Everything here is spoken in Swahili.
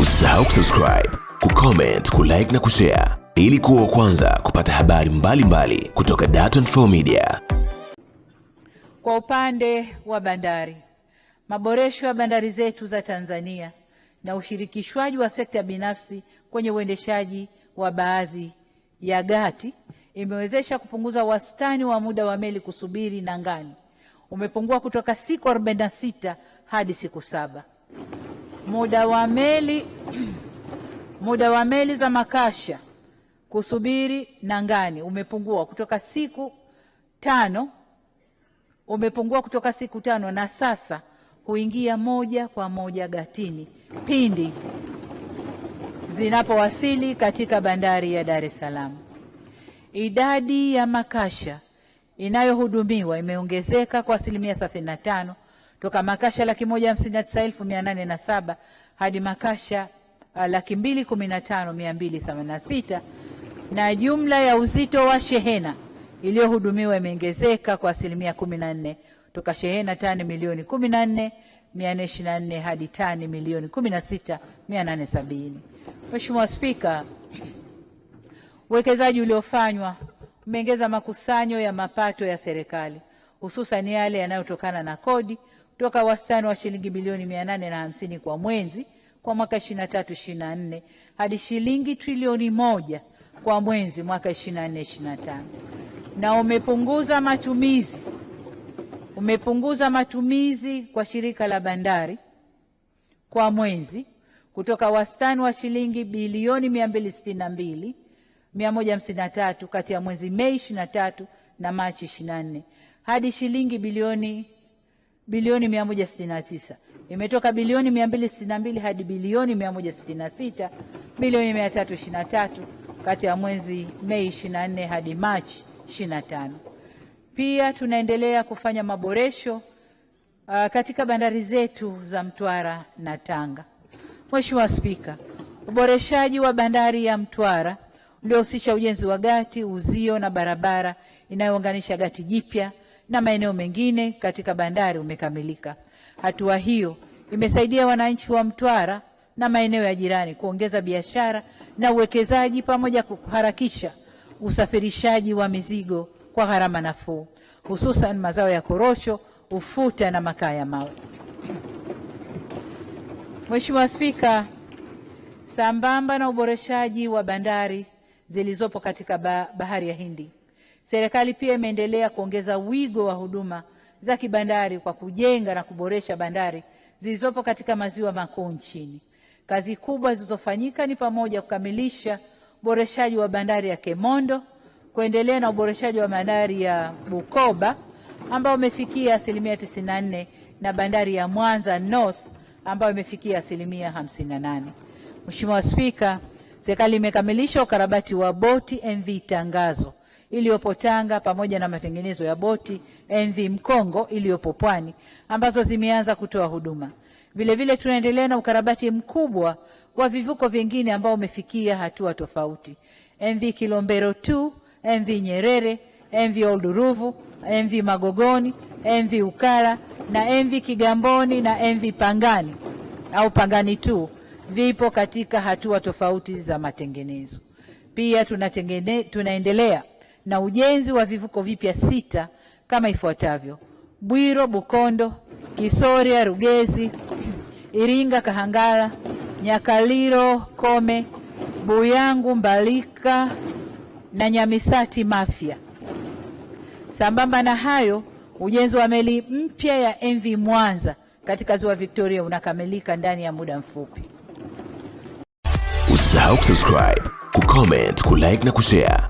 Usisahau kusubscribe, kucomment, kulike na kushare ili kuwa kwanza kupata habari mbalimbali mbali kutoka Dar24 Media. Kwa upande wa bandari, maboresho ya bandari zetu za Tanzania na ushirikishwaji wa sekta binafsi kwenye uendeshaji wa baadhi ya gati imewezesha kupunguza wastani wa muda wa meli kusubiri nangani, umepungua kutoka siku 46 hadi siku saba muda wa meli muda wa meli za makasha kusubiri nangani umepungua kutoka siku tano umepungua kutoka siku tano na sasa huingia moja kwa moja gatini pindi zinapowasili katika bandari ya Dar es Salaam. Idadi ya makasha inayohudumiwa imeongezeka kwa asilimia 35 toka makasha laki moja hamsini na tisa elfu mia nane na saba hadi makasha uh, laki mbili kumi na tano mia mbili themanini na sita na jumla ya uzito wa shehena iliyohudumiwa imeongezeka kwa asilimia kumi na nne toka shehena tani milioni kumi na nne mia nne ishirini na nne hadi tani milioni kumi na sita mia nane sabini. Mheshimiwa Spika, uwekezaji uliofanywa umeongeza makusanyo ya mapato ya serikali hususan yale yanayotokana na kodi toka wastani wa shilingi bilioni mia nane na hamsini kwa mwezi kwa mwaka 23 24 hadi shilingi trilioni moja kwa mwezi mwaka 24 25, na umepunguza matumizi umepunguza matumizi kwa shirika la bandari kwa mwezi kutoka wastani wa shilingi bilioni 262 153 kati ya mwezi Mei 23 na Machi 24 hadi shilingi bilioni bilioni 169, imetoka bilioni 262 hadi bilioni 166 bilioni 323 kati ya mwezi Mei 24 hadi Machi 25. Pia tunaendelea kufanya maboresho uh, katika bandari zetu za Mtwara na Tanga. Mheshimiwa Spika, uboreshaji wa bandari ya Mtwara uliohusisha ujenzi wa gati, uzio na barabara inayounganisha gati jipya na maeneo mengine katika bandari umekamilika. Hatua hiyo imesaidia wananchi wa Mtwara na maeneo ya jirani kuongeza biashara na uwekezaji pamoja kuharakisha usafirishaji wa mizigo kwa gharama nafuu, hususan mazao ya korosho, ufuta na makaa ya mawe. Mheshimiwa Spika, sambamba na uboreshaji wa bandari zilizopo katika bahari ya Hindi Serikali pia imeendelea kuongeza wigo wa huduma za kibandari kwa kujenga na kuboresha bandari zilizopo katika maziwa makuu nchini. Kazi kubwa zilizofanyika ni pamoja kukamilisha uboreshaji wa bandari ya Kemondo, kuendelea na uboreshaji wa bandari ya Bukoba ambayo imefikia asilimia 94 na bandari ya Mwanza North ambayo imefikia asilimia 58. Mheshimiwa Spika, serikali imekamilisha ukarabati wa boti MV Tangazo iliyopo Tanga pamoja na matengenezo ya boti MV Mkongo iliyopo Pwani ambazo zimeanza kutoa huduma. Vilevile tunaendelea na ukarabati mkubwa wa vivuko vingine ambao umefikia hatua tofauti: MV Kilombero 2, MV Nyerere, MV Old Ruvu, MV Magogoni, MV Ukara na MV Kigamboni na MV Pangani au Pangani 2 vipo katika hatua tofauti za matengenezo. Pia tunatengene, tunaendelea na ujenzi wa vivuko vipya sita kama ifuatavyo: Bwiro, Bukondo, Kisoria, Rugezi, Iringa, Kahangala, Nyakaliro, Kome, Buyangu, Mbalika na Nyamisati Mafia. Sambamba na hayo, ujenzi wa meli mpya ya MV Mwanza katika Ziwa Victoria unakamilika ndani ya muda mfupi. Usisahau kusubscribe, kucomment, kulike na kushare